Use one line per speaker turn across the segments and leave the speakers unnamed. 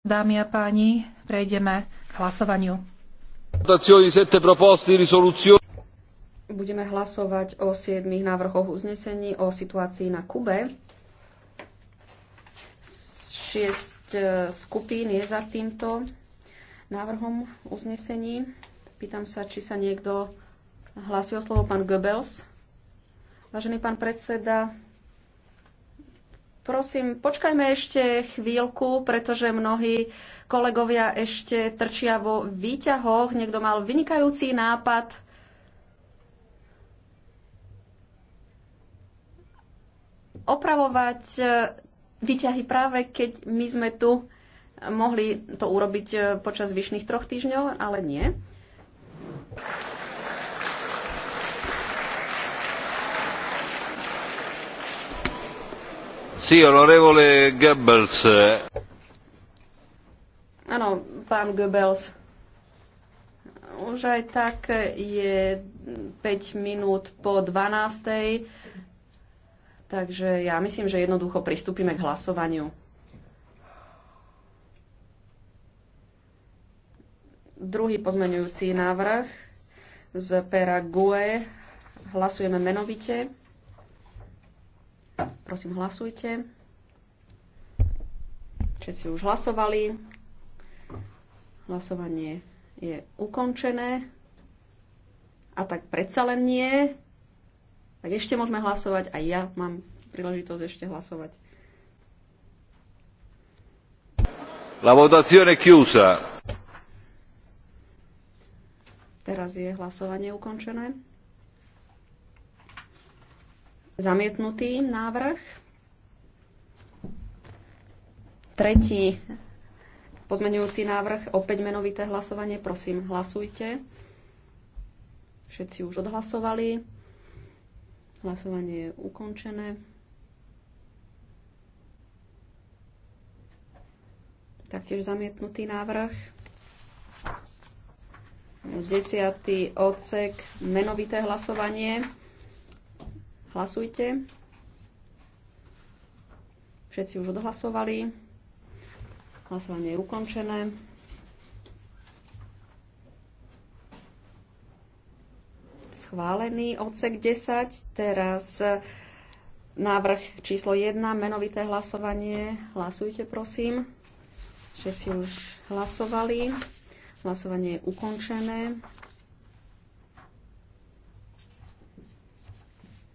Dámy a páni, prejdeme k hlasovaniu. Budeme hlasovať o siedmých návrhoch uznesení o situácii na Kube. Šiesť e, skupín je za týmto návrhom uznesení. Pýtam sa, či sa niekto hlasí o slovo pán Goebbels. Vážený pán predseda, Prosím, počkajme ešte chvíľku, pretože mnohí kolegovia ešte trčia vo výťahoch. Niekto mal vynikajúci nápad. Opravovať e, výťahy práve keď my sme tu mohli to urobiť e, počas vyšných troch týždňov, ale nie. onorevole Goebbels. Áno, pán Goebbels. Už aj tak je 5 minút po 12. Takže ja myslím, že jednoducho pristúpime k hlasovaniu. Druhý pozmeňujúci návrh z pera GUE. Hlasujeme menovite. Prosím, hlasujte. si už hlasovali. Hlasovanie je ukončené. A tak predsa len nie. Tak ešte môžeme hlasovať. Aj ja mám príležitosť ešte hlasovať. La votazione chiusa. Teraz je hlasovanie ukončené. Zamietnutý návrh. Tretí pozmeňujúci návrh, opäť menovité hlasovanie. Prosím, hlasujte. Všetci už odhlasovali. Hlasovanie je ukončené. Taktiež zamietnutý návrh. Desiatý odsek, menovité hlasovanie. Hlasujte. Všetci už odhlasovali. Hlasovanie je ukončené. Schválený odsek 10. Teraz návrh číslo 1, menovité hlasovanie. Hlasujte, prosím. Všetci už hlasovali. Hlasovanie je ukončené.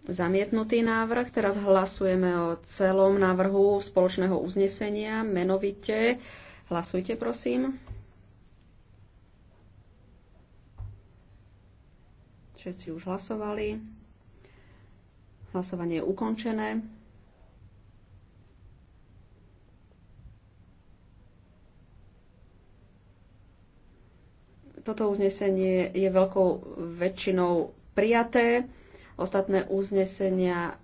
Zamietnutý návrh. Teraz hlasujeme o celom návrhu spoločného uznesenia. Menovite. Hlasujte, prosím. Všetci už hlasovali. Hlasovanie je ukončené. Toto uznesenie je veľkou väčšinou prijaté. Ostatné uznesenia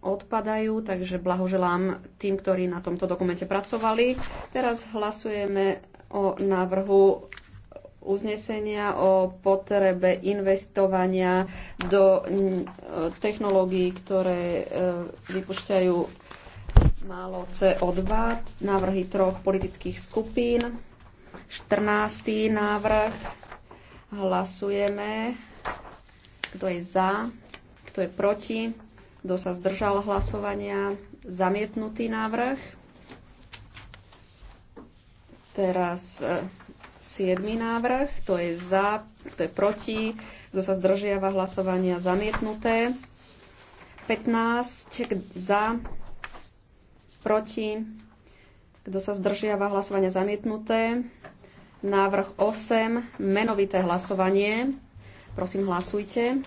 odpadajú, takže blahoželám tým, ktorí na tomto dokumente pracovali. Teraz hlasujeme o návrhu uznesenia o potrebe investovania do eh, technológií, ktoré eh, vypušťajú málo CO2, návrhy troch politických skupín. 14. návrh. Hlasujeme. Kto je za? Kto je proti? Kto sa zdržal hlasovania? Zamietnutý návrh. Teraz e, siedmy návrh. Kto je za? Kto je proti? Kto sa zdržiava hlasovania? Zamietnuté. 15 za, proti, kto sa zdržiava hlasovania zamietnuté. Návrh 8, menovité hlasovanie. Prosím, hlasujte.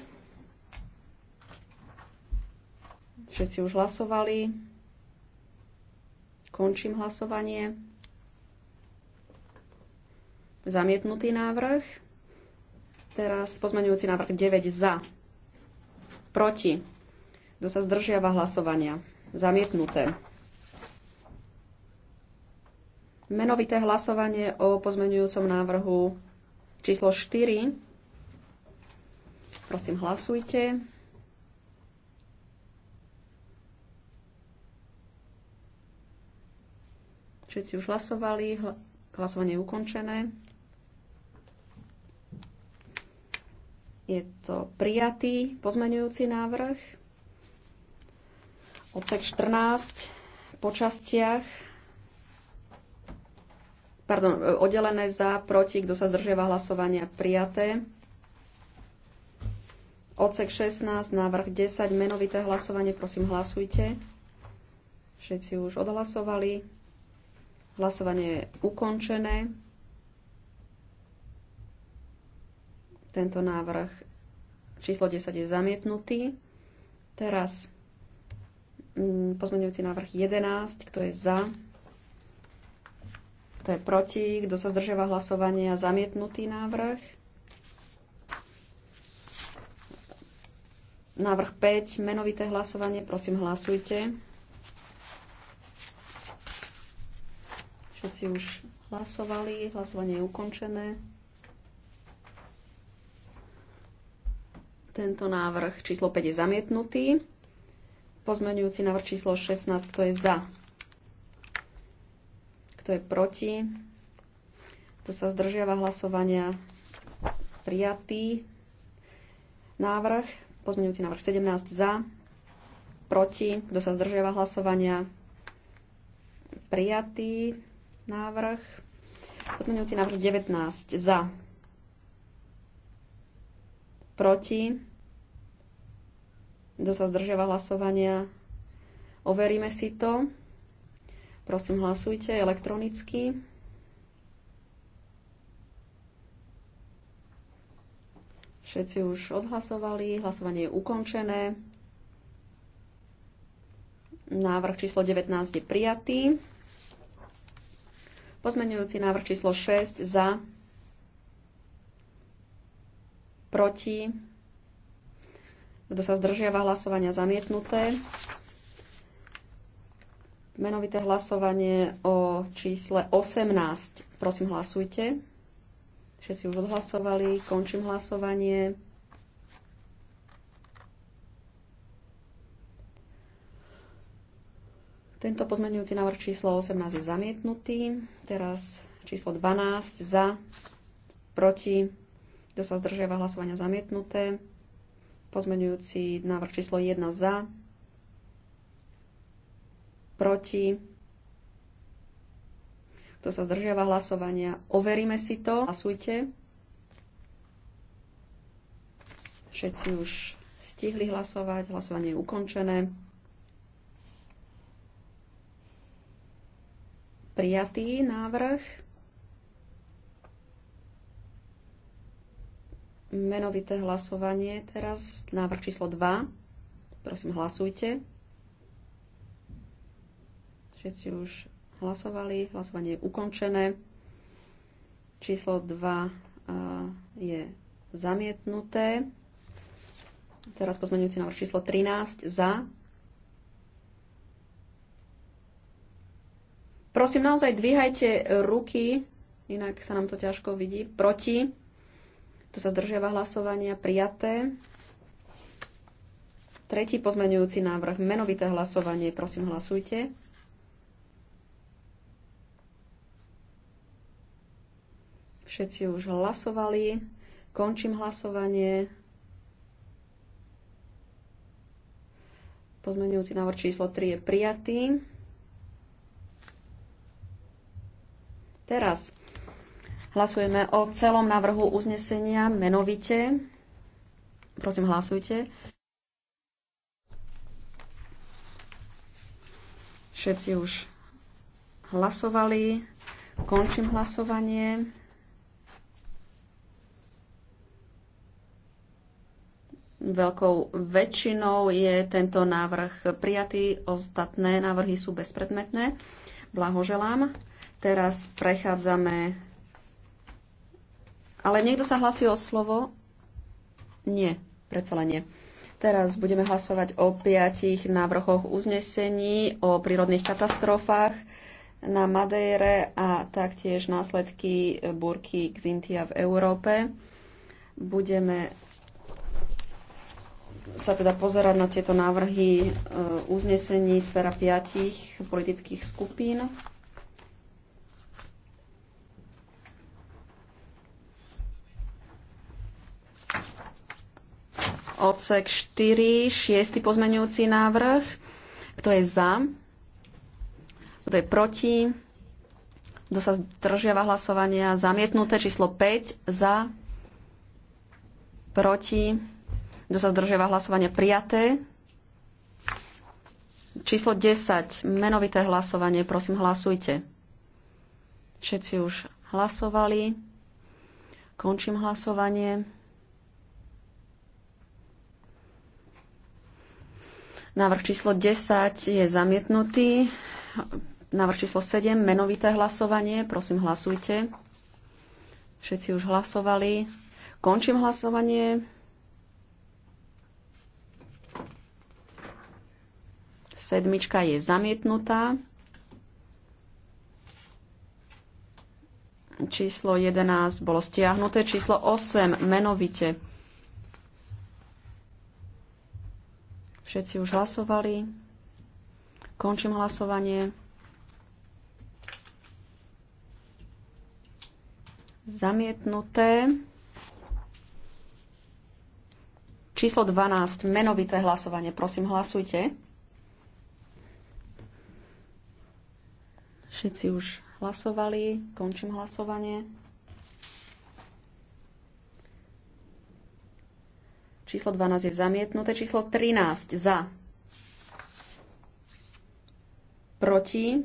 Všetci už hlasovali. Končím hlasovanie. Zamietnutý návrh. Teraz pozmeňujúci návrh 9 za. Proti. Kto sa zdržiava hlasovania? Zamietnuté. Menovité hlasovanie o pozmeňujúcom návrhu číslo 4. Prosím, hlasujte. Všetci už hlasovali. Hlasovanie je ukončené. Je to prijatý pozmeňujúci návrh. Odsek 14 po častiach. Pardon, e, oddelené za, proti, kto sa zdržiava hlasovania, prijaté. Odsek 16, návrh 10, menovité hlasovanie, prosím hlasujte. Všetci už odhlasovali. Hlasovanie je ukončené. Tento návrh číslo 10 je zamietnutý. Teraz mm, pozmeňujúci návrh 11, kto je za, kto je proti, kto sa zdržiava hlasovania, zamietnutý návrh. Návrh 5, menovité hlasovanie, prosím hlasujte. Všetci už hlasovali, hlasovanie je ukončené. Tento návrh číslo 5 je zamietnutý. Pozmeňujúci návrh číslo 16, kto je za? Kto je proti? Kto sa zdržiava hlasovania? Prijatý návrh. Pozmeňujúci návrh 17 za, proti, kto sa zdržiava hlasovania, prijatý návrh. Pozmeňujúci návrh 19 za. Proti. Kto sa zdržiava hlasovania? Overíme si to. Prosím, hlasujte elektronicky. Všetci už odhlasovali, hlasovanie je ukončené. Návrh číslo 19 je prijatý. Pozmeňujúci návrh číslo 6 za, proti, kto sa zdržiava hlasovania zamietnuté. Menovité hlasovanie o čísle 18. Prosím, hlasujte. Všetci už odhlasovali. Končím hlasovanie. Tento pozmenujúci návrh číslo 18 je zamietnutý. Teraz číslo 12 za, proti, kto sa zdržiava hlasovania zamietnuté. Pozmenujúci návrh číslo 1 za, proti, kto sa zdržiava hlasovania. Overíme si to. Hlasujte. Všetci už stihli hlasovať. Hlasovanie je ukončené. prijatý návrh. Menovité hlasovanie teraz, návrh číslo 2. Prosím, hlasujte. Všetci už hlasovali, hlasovanie je ukončené. Číslo 2 eh, je zamietnuté. Teraz pozmeňujúci návrh číslo 13 za, Prosím, naozaj dvíhajte ruky, inak sa nám to ťažko vidí. Proti. To sa zdržiava hlasovania. Prijaté. Tretí pozmeňujúci návrh, menovité hlasovanie. Prosím, hlasujte. Všetci už hlasovali. Končím hlasovanie. Pozmeňujúci návrh číslo 3 je prijatý. Teraz hlasujeme o celom návrhu uznesenia menovite. Prosím, hlasujte. Všetci už hlasovali. Končím hlasovanie. veľkou väčšinou je tento návrh prijatý. Ostatné návrhy sú bezpredmetné. Blahoželám. Teraz prechádzame. Ale niekto sa hlasí o slovo? Nie, predsa len nie. Teraz budeme hlasovať o piatich návrhoch uznesení o prírodných katastrofách na Madejre a taktiež následky burky Xintia v Európe. Budeme sa teda pozerať na tieto návrhy e, uznesení z pera piatich politických skupín. odsek 4, 6. pozmenujúci návrh. Kto je za? Kto je proti? Kto sa zdržiava hlasovania? Zamietnuté číslo 5 za, proti. Kto sa zdržiava hlasovania? Prijaté. Číslo 10. Menovité hlasovanie. Prosím, hlasujte. Všetci už hlasovali. Končím hlasovanie. Návrh číslo 10 je zamietnutý. Návrh číslo 7, menovité hlasovanie. Prosím, hlasujte. Všetci už hlasovali. Končím hlasovanie. Sedmička je zamietnutá. Číslo 11 bolo stiahnuté. Číslo 8 menovite. Všetci už hlasovali. Končím hlasovanie. Zamietnuté. Číslo 12. Menovité hlasovanie. Prosím, hlasujte. Všetci už hlasovali. Končím hlasovanie. Číslo 12 je zamietnuté. Číslo 13 za. Proti.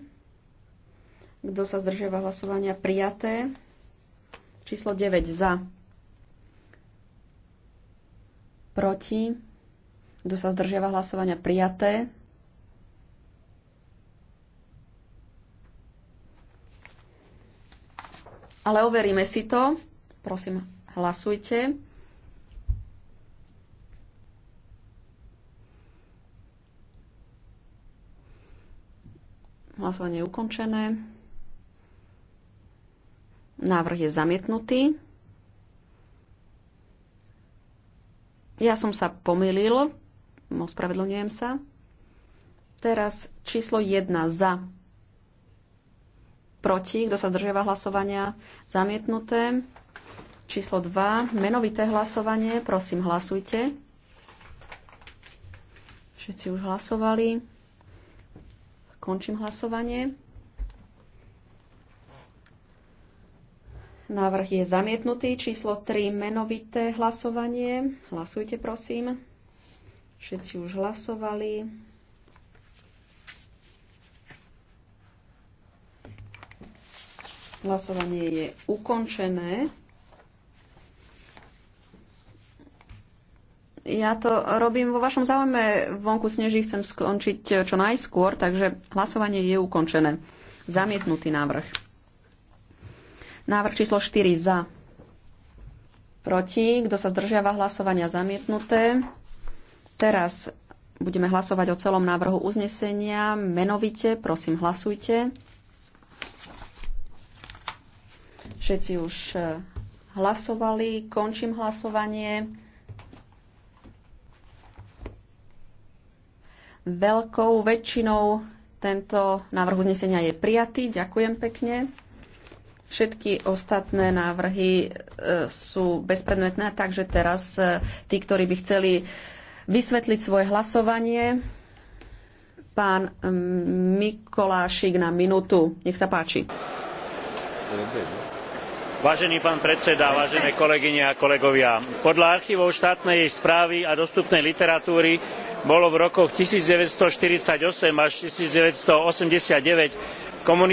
Kto sa zdržiava hlasovania? Prijaté. Číslo 9 za. Proti. Kto sa zdržiava hlasovania? Prijaté. Ale overíme si to. Prosím, hlasujte. Hlasovanie je ukončené. Návrh je zamietnutý. Ja som sa pomýlil, ospravedlňujem sa. Teraz číslo 1 za. Proti, kto sa zdržiava hlasovania, zamietnuté. Číslo 2, menovité hlasovanie, prosím hlasujte. Všetci už hlasovali. Končím hlasovanie. Návrh je zamietnutý. Číslo 3 menovité hlasovanie. Hlasujte prosím. Všetci už hlasovali. Hlasovanie je ukončené. ja to robím vo vašom záujme. Vonku sneží chcem skončiť čo najskôr, takže hlasovanie je ukončené. Zamietnutý návrh. Návrh číslo 4 za. Proti. Kto sa zdržiava hlasovania zamietnuté. Teraz budeme hlasovať o celom návrhu uznesenia. Menovite, prosím, hlasujte. Všetci už eh, hlasovali. Končím hlasovanie. Veľkou väčšinou tento návrh uznesenia je prijatý. Ďakujem pekne. Všetky ostatné návrhy e, sú bezpredmetné, takže teraz e, tí, ktorí by chceli vysvetliť svoje hlasovanie, pán Mikolášik na minútu. Nech sa páči. Vážený pán predseda, vážené kolegyne a kolegovia, podľa archívov štátnej správy a dostupnej literatúry bolo v rokoch one thousand nine hundred and forty eight až one thousand nine hundred and eighty nine komunistov